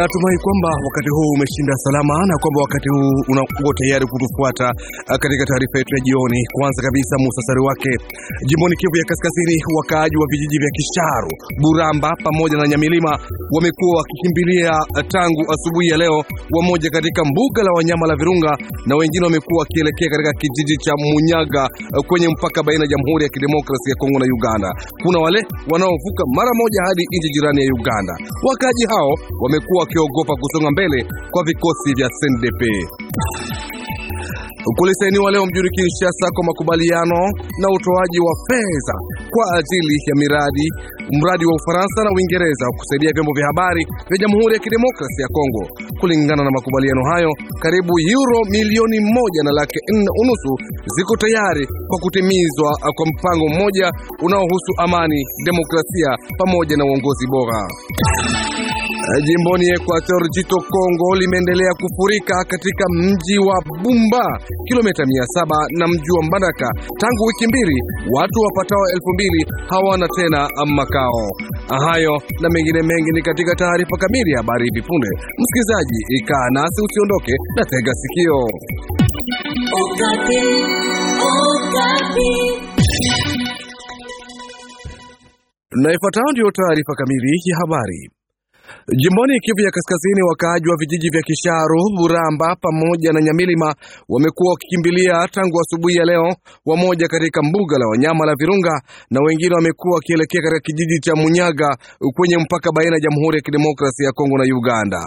Natumai kwamba wakati huu umeshinda salama na kwamba wakati huu unakuwa tayari kutufuata uh, katika taarifa yetu ya jioni. Kwanza kabisa, muhtasari wake. Jimboni Kivu ya Kaskazini, wakaaji wa vijiji vya Kisharu, Buramba pamoja na Nyamilima wamekuwa wakikimbilia uh, tangu asubuhi ya leo, wamoja katika mbuga la wanyama la Virunga na wengine wamekuwa wakielekea katika kijiji cha Munyaga uh, kwenye mpaka baina ya Jamhuri ya Kidemokrasia ya Kongo na Uganda. Kuna wale wanaovuka mara moja hadi nchi jirani ya Uganda. Wakaaji hao wamekuwa wakiogopa kusonga mbele kwa vikosi vya CNDP. Kulisainiwa leo mjini Kinshasa kwa makubaliano na utoaji wa fedha kwa ajili ya miradi mradi wa Ufaransa na Uingereza kusaidia vyombo vya habari vya Jamhuri ya Kidemokrasia ya Kongo. Kulingana na makubaliano hayo, karibu euro milioni moja na laki nne unusu ziko tayari kwa kutimizwa kwa mpango mmoja unaohusu amani, demokrasia pamoja na uongozi bora. Eh, jimboni ekuator jito Kongo limeendelea kufurika katika mji wa Bumba, kilomita saba na mji wa Mbandaka. Tangu wiki mbili, watu wapatao elfu mbili hawana tena makao. Hayo na mengine mengi ni katika taarifa kamili ya habari hivi punde. Msikilizaji, ikaa nasi, usiondoke na tega sikio. Okapi, Okapi. Na ifuatayo ndiyo taarifa kamili ya habari. Jimboni Kivu ya Kaskazini, wakaaji wa vijiji vya Kisharu, Buramba pamoja na Nyamilima wamekuwa wakikimbilia tangu asubuhi ya leo, wamoja katika mbuga la wanyama la Virunga na wengine wamekuwa wakielekea katika kijiji cha Munyaga kwenye mpaka baina ya Jamhuri ya Kidemokrasia ya Kongo na Uganda.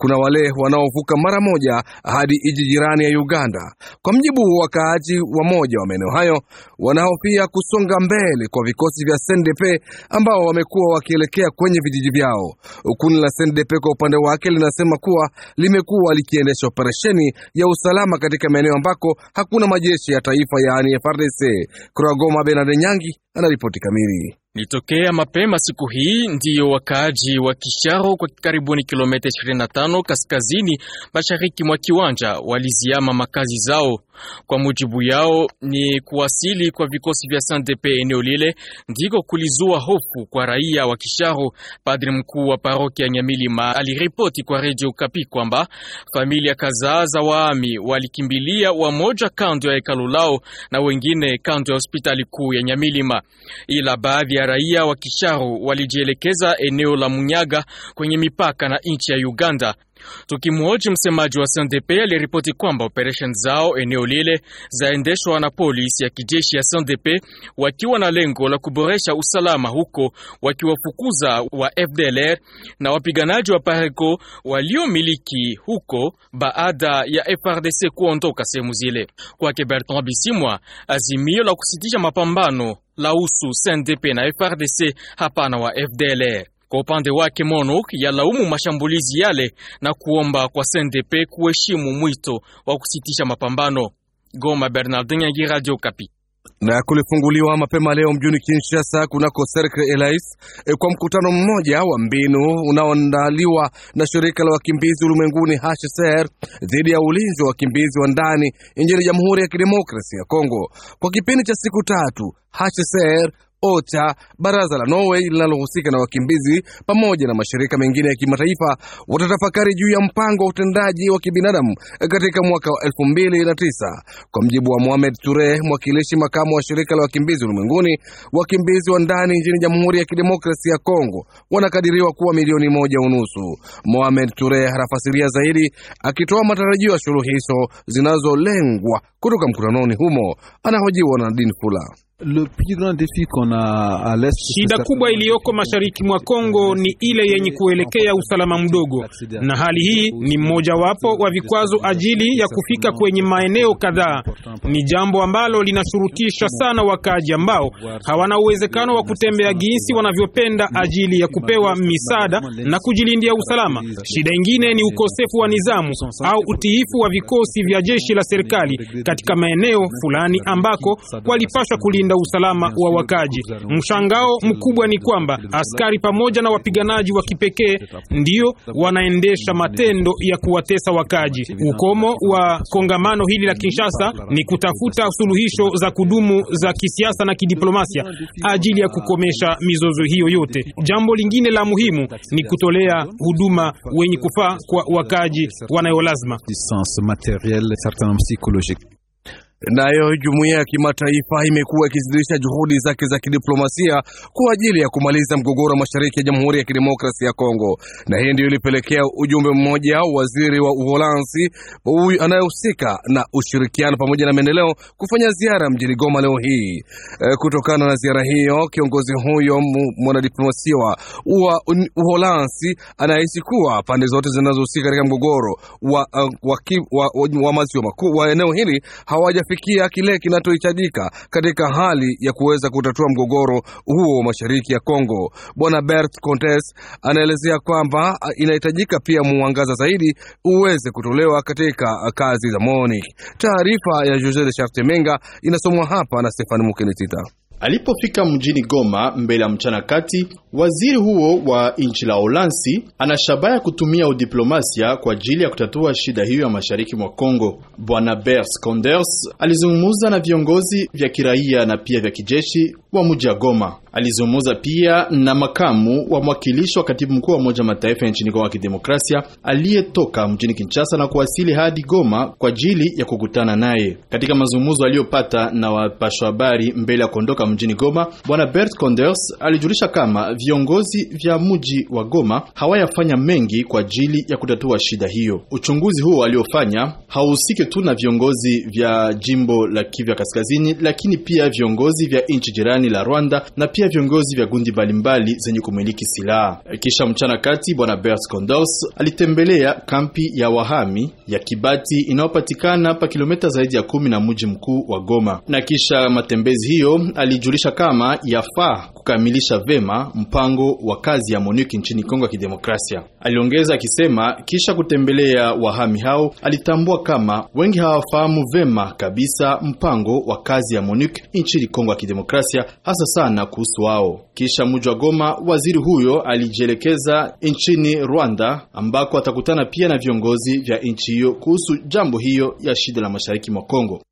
Kuna wale wanaovuka mara moja hadi iji jirani ya Uganda. Kwa mjibu wa wakaaji wamoja wa maeneo hayo, wanahofia kusonga mbele kwa vikosi vya SNDP ambao wamekuwa wakielekea kwenye vijiji vyao. Kundi la SNDP kwa upande wake linasema kuwa limekuwa likiendesha operesheni ya usalama katika maeneo ambako hakuna majeshi ya taifa yaani frdc Kutoka Goma, Bernard Nyangi, anaripoti kamili. Nitokea mapema siku hii ndiyo wakaaji wa Kisharo kwa karibuni kilomita 25 kaskazini mashariki mwa kiwanja waliziama makazi zao. Kwa mujibu yao, ni kuwasili kwa vikosi vya sdp eneo lile ndiko kulizua hofu kwa raia wa Kisharo. Padri mkuu wa parokia Nyamilima aliripoti kwa Radio Kapi kwamba familia kadhaa za waami walikimbilia, wamoja kando ya hekalu lao na wengine kando ya hospitali kuu ya Nyamilima ila baadhi ya raia wa Kisharu walijielekeza eneo la Munyaga kwenye mipaka na nchi ya Uganda. Tukimwoji msemaji wa SNDP aliripoti kwamba operesheni zao eneo lile zaendeshwa na polisi ya kijeshi ya SNDP wakiwa na lengo la kuboresha usalama huko, wakiwafukuza wa FDLR na wapiganaji wa PARECO waliomiliki huko baada ya FRDC kuondoka sehemu zile. Kwake Bertrand Bisimwa, azimio la kusitisha mapambano la usu SNDP na FRDC, hapana wa FDLR. Kwa upande wake MONUC yalaumu mashambulizi yale na kuomba kwa CNDP kuheshimu mwito wa kusitisha mapambano. Goma, Bernardin Yangi, Radio Kapi. Na kulifunguliwa mapema leo mjini Kinshasa kunako Cercle Elias e, eh, kwa mkutano mmoja wa mbinu unaoandaliwa na shirika la wakimbizi ulimwenguni HCR dhidi ya ulinzi wa wakimbizi wa ndani nchini Jamhuri ya Kidemokrasia ya Kongo kwa kipindi cha siku tatu. HCR OCHA, baraza la Norway linalohusika na wakimbizi, pamoja na mashirika mengine ya kimataifa watatafakari juu ya mpango wa utendaji wa kibinadamu katika mwaka wa tisa. Kwa mjibu wa Mohamed Ture, mwakilishi makamu wa shirika la wakimbizi ulimwenguni, wakimbizi wa ndani nchini Jamhuri ya Kidemokrasia ya Kongo wanakadiriwa kuwa milioni moja unusu. Mohamed Ture harafasiria zaidi, akitoa matarajio ya suluhisho zinazolengwa kutoka mkutanoni humo. Anahojiwa na Nadine Fula. Shida kubwa iliyoko mashariki mwa Kongo ni ile yenye kuelekea usalama mdogo, na hali hii ni mmojawapo wa vikwazo ajili ya kufika kwenye maeneo kadhaa. Ni jambo ambalo linashurutisha sana wakaaji ambao hawana uwezekano wa kutembea jinsi wanavyopenda ajili ya kupewa misaada na kujilindia usalama. Shida ingine ni ukosefu wa nidhamu au utiifu wa vikosi vya jeshi la serikali katika maeneo fulani ambako walipashwa kulinda kulinda usalama wa wakaji. Mshangao mkubwa ni kwamba askari pamoja na wapiganaji wa kipekee ndio wanaendesha matendo ya kuwatesa wakaji. Ukomo wa kongamano hili la Kinshasa ni kutafuta suluhisho za kudumu za kisiasa na kidiplomasia ajili ya kukomesha mizozo hiyo yote. Jambo lingine la muhimu ni kutolea huduma wenye kufaa kwa wakaji wanayolazima. Nayo jumuiya ya kimataifa imekuwa ikizidisha juhudi zake za kidiplomasia kwa ajili ya kumaliza mgogoro mashariki ya Jamhuri ya Kidemokrasia ya Kongo, na hii ndiyo ilipelekea ujumbe mmoja waziri wa Uholansi huyu anayehusika na ushirikiano pamoja na maendeleo kufanya ziara mjini Goma leo hii. E, kutokana na ziara hiyo kiongozi huyo mwanadiplomasia wa Uholansi anahisi kuwa pande zote zinazohusika katika mgogoro wa, wa, wa, wa, wa maziwa makuu wa eneo hili hawaja kufikia kile kinachohitajika katika hali ya kuweza kutatua mgogoro huo mashariki ya Kongo. Bwana Bert Contes anaelezea kwamba inahitajika pia mwangaza zaidi uweze kutolewa katika kazi za MONUC. Taarifa ya Jose de Chartemenga inasomwa hapa na Stefani Mukenitita. Alipofika mjini Goma mbele ya mchana kati, waziri huo wa nchi la Olansi ana ya kutumia udiplomasia kwa ajili ya kutatua shida hiyo ya mashariki mwa Kongo. Bwana Bers Konders alizungumza na viongozi vya kiraia na pia vya kijeshi wa mji wa Goma. Alizungumza pia na makamu wa mwakilishi wa katibu mkuu wa Umoja Mataifa nchini Kongo ya Kidemokrasia aliyetoka mjini Kinshasa na kuwasili hadi Goma kwa ajili ya kukutana naye. Katika mazungumzo aliyopata na wapasha habari mbele ya kuondoka mjini Goma, bwana Bert Conders alijulisha kama viongozi vya mji wa Goma hawayafanya mengi kwa ajili ya kutatua shida hiyo. Uchunguzi huo aliofanya hauhusiki tu na viongozi vya jimbo la Kivu Kaskazini, lakini pia viongozi vya nchi jirani jirani la Rwanda na pia viongozi vya gundi mbalimbali zenye kumiliki silaha. Kisha mchana kati, bwana Bert Kondos alitembelea kampi ya wahami ya Kibati inayopatikana pa kilomita zaidi ya kumi na mji mkuu wa Goma, na kisha matembezi hiyo alijulisha kama yafaa kukamilisha vema mpango wa kazi ya MONUC nchini Kongo ya Kidemokrasia. Aliongeza akisema kisha kutembelea wahami hao alitambua kama wengi hawafahamu vema kabisa mpango wa kazi ya MONUC nchini Kongo ya Kidemokrasia, hasa sana kuhusu wao. Kisha mji wa Goma, waziri huyo alijielekeza nchini Rwanda ambako atakutana pia na viongozi vya nchi hiyo kuhusu jambo hiyo ya shida la mashariki mwa Kongo.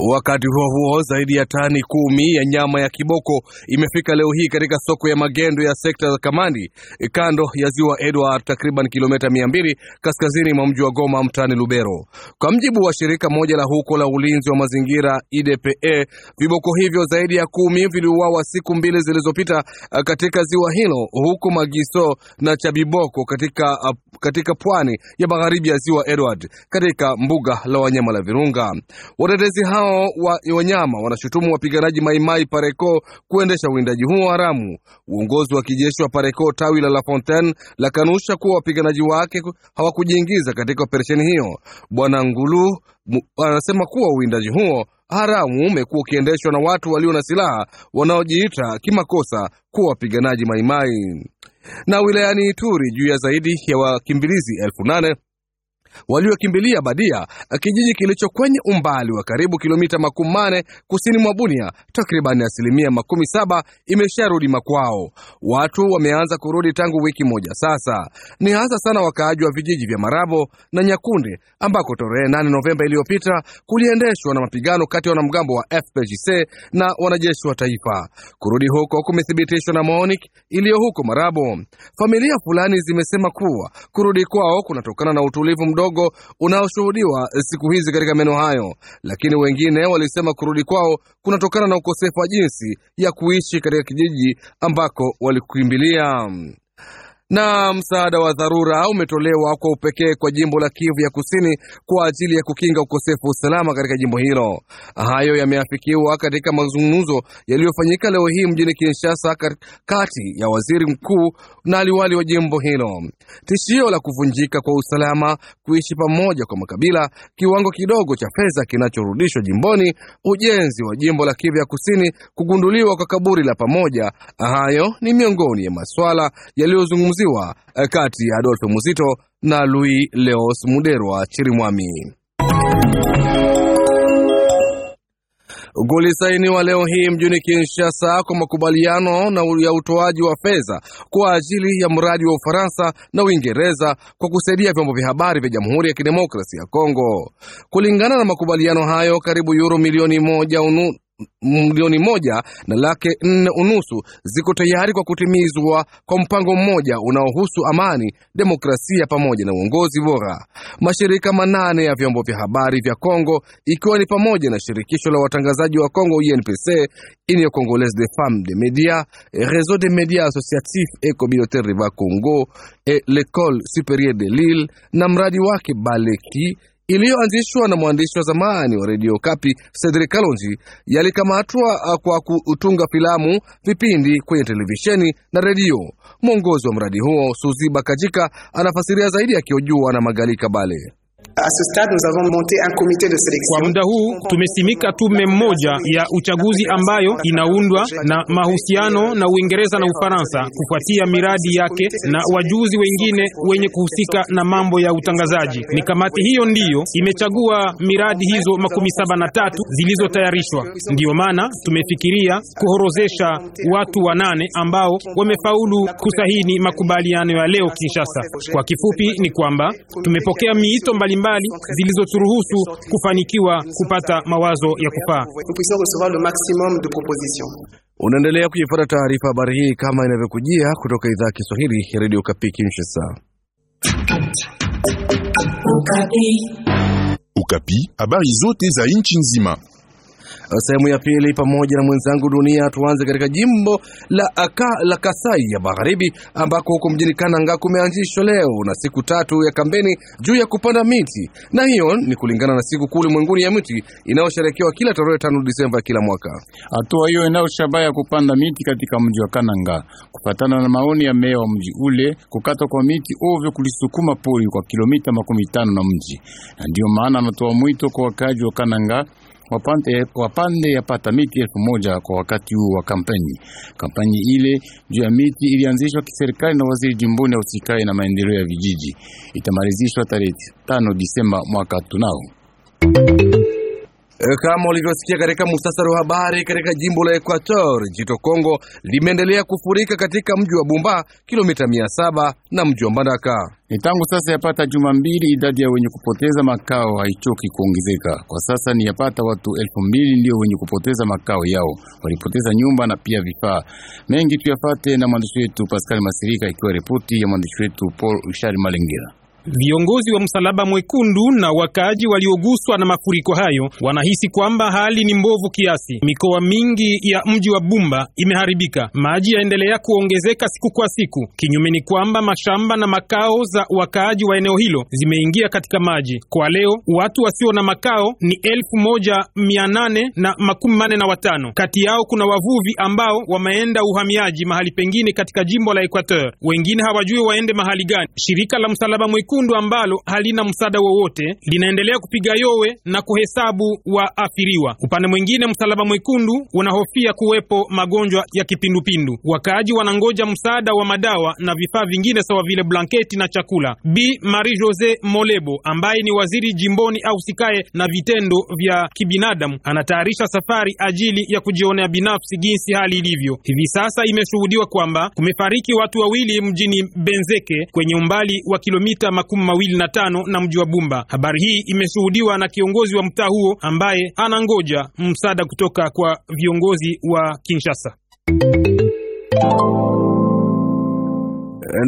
Wakati huo huo, zaidi ya tani kumi ya nyama ya kiboko imefika leo hii katika soko ya magendo ya sekta za Kamandi kando ya ziwa Edward, takriban kilomita mbili kaskazini mwa mji wa Goma, mtaani Lubero. Kwa mjibu wa shirika moja la huko la ulinzi wa mazingira IDPE, viboko hivyo zaidi ya kumi viliuawa siku mbili zilizopita katika ziwa hilo, huku Magiso na Chabiboko katika, katika pwani ya magharibi ya ziwa Edward katika mbuga la wanyama la Virunga. Watetezi nao wa wanyama wanashutumu wapiganaji Maimai Pareko kuendesha uwindaji huo haramu. Uongozi wa kijeshi wa Pareko tawi la La Fontaine la kanusha kuwa wapiganaji wake hawakujiingiza katika operesheni hiyo. Bwana Ngulu anasema kuwa uwindaji huo haramu umekuwa ukiendeshwa na watu walio na silaha wanaojiita kimakosa kuwa wapiganaji Maimai. Na wilayani Ituri juu ya zaidi ya wakimbilizi elfu nane waliokimbilia Badia, eh, kijiji kilicho kwenye umbali wa karibu kilomita makumi mane kusini mwa Bunia. Takriban asilimia makumi saba imesharudi makwao. Watu wameanza kurudi tangu wiki moja sasa, ni hasa sana wakaaji wa vijiji vya Marabo na Nyakunde ambako tarehe nane Novemba iliyopita kuliendeshwa na mapigano kati ya wanamgambo wa FPGC na wanajeshi wa taifa. Kurudi huko kumethibitishwa na MONUC iliyo huko Marabo. Familia fulani zimesema kuwa kurudi kwao kunatokana na utulivu mdo mdogo unaoshuhudiwa siku hizi katika maeneo hayo, lakini wengine walisema kurudi kwao kunatokana na ukosefu wa jinsi ya kuishi katika kijiji ambako walikimbilia na msaada wa dharura umetolewa kwa upekee kwa jimbo la Kivu ya Kusini kwa ajili ya kukinga ukosefu wa usalama katika jimbo hilo. Hayo yameafikiwa katika mazungumzo yaliyofanyika leo hii mjini Kinshasa kati ya waziri mkuu na aliwali wa jimbo hilo. Tishio la kuvunjika kwa usalama, kuishi pamoja kwa makabila, kiwango kidogo cha fedha kinachorudishwa jimboni, ujenzi wa jimbo la Kivu ya Kusini, kugunduliwa kwa kaburi la pamoja, hayo ni miongoni ya maswala yaliyozungumzwa kuzungumziwa eh, kati ya Adolfo Muzito na Louis Leos Muderwa Chirimwami. Kulisainiwa leo hii mjini Kinshasa kwa makubaliano na ya utoaji wa fedha kwa ajili ya mradi wa Ufaransa na Uingereza kwa kusaidia vyombo vya habari vya Jamhuri ya Kidemokrasia ya Kongo. Kulingana na makubaliano hayo, karibu yuro milioni moja unu milioni moja na laki nne unusu ziko tayari kwa kutimizwa kwa mpango mmoja unaohusu amani, demokrasia pamoja na uongozi bora. Mashirika manane ya vyombo vya habari vya Kongo ikiwa ni pamoja na shirikisho la watangazaji wa Kongo UNPC, Union Congolaise des Femmes de Media, Réseau des Medias Associatifs et Communautaires Riva Congo, et L'Ecole Supérieure de Lille na mradi wake Baleki iliyoanzishwa na mwandishi wa zamani wa redio Kapi Cedric Kalonji yalikamatwa ah, kwa kutunga filamu, vipindi kwenye televisheni na redio. Mwongozi wa mradi huo Suzi Bakajika anafasiria zaidi akiojua na Magali Kabale. Kwa muda huu tumesimika tume moja ya uchaguzi ambayo inaundwa na mahusiano na Uingereza na Ufaransa kufuatia miradi yake na wajuzi wengine wenye kuhusika na mambo ya utangazaji. Ni kamati hiyo ndiyo imechagua miradi hizo makumi saba na tatu zilizotayarishwa. Ndiyo maana tumefikiria kuhorozesha watu wanane ambao wamefaulu kusahini makubaliano ya leo Kinshasa. Kwa kifupi ni kwamba tumepokea miito mbalimbali mbalimbali zilizoturuhusu kufanikiwa kupata mawazo ya kufaa. Unaendelea kuifuata taarifa habari hii kama inavyokujia kutoka idhaa ya Kiswahili ya radio Kapi Kinshasa. Ukapi, habari zote za nchi nzima Eh, sehemu ya pili pamoja na mwenzangu dunia. Tuanze katika jimbo la, aka, la Kasai ya Magharibi ambako huko mjini Kananga kumeanzishwa leo na siku tatu ya kampeni juu ya kupanda miti, na hiyo ni kulingana na siku kuu ulimwenguni ya miti inayosherekewa kila tarehe tano Disemba kila mwaka. Hatua hiyo inayo shabaha ya kupanda miti katika mji wa Kananga kufatana na maoni ya meya wa mji ule, kukata kwa miti ovyo kulisukuma pori kwa kilomita makumi tano na mji, na ndiyo maana anatoa mwito kwa wakaji wa Kananga wapande, wapande yapata miti elfu moja kwa wakati huu wa kampeni. Kampeni ile juu ya miti ilianzishwa kiserikali na waziri jimboni ausikae na maendeleo ya vijiji, itamalizishwa tarehe 5 Disemba mwaka tunao. E, kama ulivyosikia katika musasari wa habari, katika jimbo la equator jito Kongo limeendelea kufurika katika mji wa Bumba, kilomita mia saba na mji wa Mbandaka. Ni tangu sasa yapata juma mbili, idadi ya wenye kupoteza makao haichoki kuongezeka. Kwa sasa ni yapata watu elfu mbili ndio wenye kupoteza makao yao, walipoteza nyumba na pia vifaa mengi. Tuyafate na mwandishi wetu Pascal Masirika, ikiwa ripoti ya mwandishi wetu Paul Richard Malengira. Viongozi wa Msalaba Mwekundu na wakaaji walioguswa na mafuriko hayo wanahisi kwamba hali ni mbovu kiasi. Mikoa mingi ya mji wa Bumba imeharibika, maji yaendelea kuongezeka siku kwa siku. Kinyume ni kwamba mashamba na makao za wakaaji wa eneo hilo zimeingia katika maji. Kwa leo watu wasio na makao ni elfu moja mia nane na makumi manne na watano. Kati yao kuna wavuvi ambao wameenda uhamiaji mahali pengine katika jimbo la Equateur, wengine hawajui waende mahali gani. Shirika la Msalaba Mwekundu Jekundu ambalo halina msaada wowote linaendelea kupiga yowe na kuhesabu waathiriwa. Upande mwingine, Msalaba Mwekundu unahofia kuwepo magonjwa ya kipindupindu. Wakaaji wanangoja msaada wa madawa na vifaa vingine sawa vile blanketi na chakula. Bi Marie Jose Molebo ambaye ni waziri jimboni au sikae na vitendo vya kibinadamu anatayarisha safari ajili ya kujionea binafsi jinsi hali ilivyo hivi sasa. Imeshuhudiwa kwamba kumefariki watu wawili mjini Benzeke kwenye umbali wa kilomita makumi mawili na tano na mji wa Bumba. Habari hii imeshuhudiwa na kiongozi wa mtaa huo ambaye anangoja msaada kutoka kwa viongozi wa Kinshasa.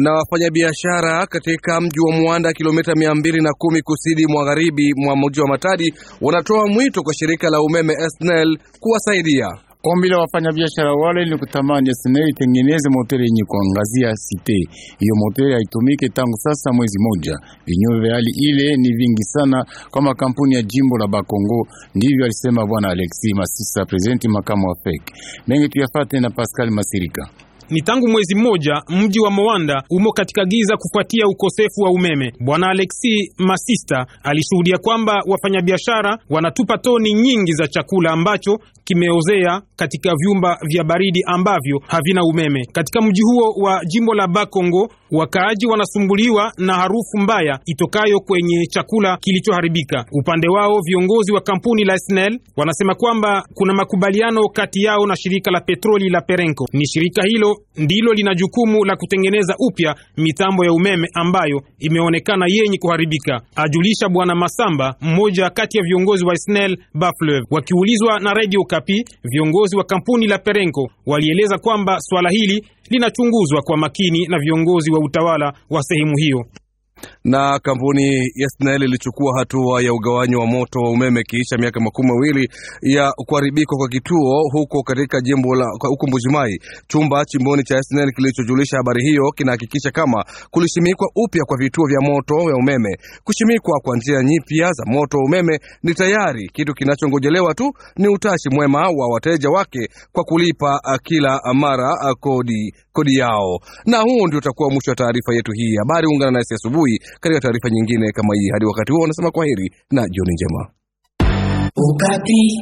na wafanyabiashara katika mji wa Mwanda kilomita mia mbili na kumi kusini magharibi mwa mji wa Matadi wanatoa mwito kwa shirika la umeme SNEL kuwasaidia. Ombi la wafanyabiashara wale ni kutamani SNEL itengeneze moteri yenye kuangazia site hiyo. Moteri haitumike tangu sasa mwezi moja. Vinyume vya hali ile ni vingi sana kwa makampuni ya jimbo la Bakongo, ndivyo alisema bwana Alexis Masisa, presidenti makamu wa FEC. Mengi tuyafate na Pascal Masirika. Ni tangu mwezi mmoja mji wa Mwanda umo katika giza kufuatia ukosefu wa umeme. Bwana Alexi Masista alishuhudia kwamba wafanyabiashara wanatupa toni nyingi za chakula ambacho kimeozea katika vyumba vya baridi ambavyo havina umeme katika mji huo wa jimbo la Bakongo. Wakaaji wanasumbuliwa na harufu mbaya itokayo kwenye chakula kilichoharibika. Upande wao, viongozi wa kampuni la SNEL wanasema kwamba kuna makubaliano kati yao na shirika la petroli la Perenco. Ni shirika hilo ndilo lina jukumu la kutengeneza upya mitambo ya umeme ambayo imeonekana yenye kuharibika, ajulisha Bwana Masamba, mmoja kati ya viongozi wa SNEL Bafleuve. Wakiulizwa na Radio Kapi, viongozi wa kampuni la Perenco walieleza kwamba swala hili linachunguzwa kwa makini na viongozi wa utawala wa sehemu hiyo na kampuni ya SNEL ilichukua hatua ya ugawanyi wa moto wa umeme kiisha miaka makumi mawili ya kuharibika kwa kituo huko katika jimbo la huko Mbujimai. Chumba chimboni cha SNEL kilichojulisha habari hiyo kinahakikisha kama kulishimikwa upya kwa vituo vya moto ya umeme. Kushimikwa kwa njia nyipya za moto wa umeme ni tayari kitu kinachongojelewa tu ni utashi mwema wa wateja wake kwa kulipa kila mara kodi, kodi yao. Na huo ndio utakuwa mwisho wa taarifa yetu hii habari. Ungana nasi asubuhi katika taarifa nyingine kama hii. Hadi wakati huo, wanasema kwaheri na jioni njema. Ukati.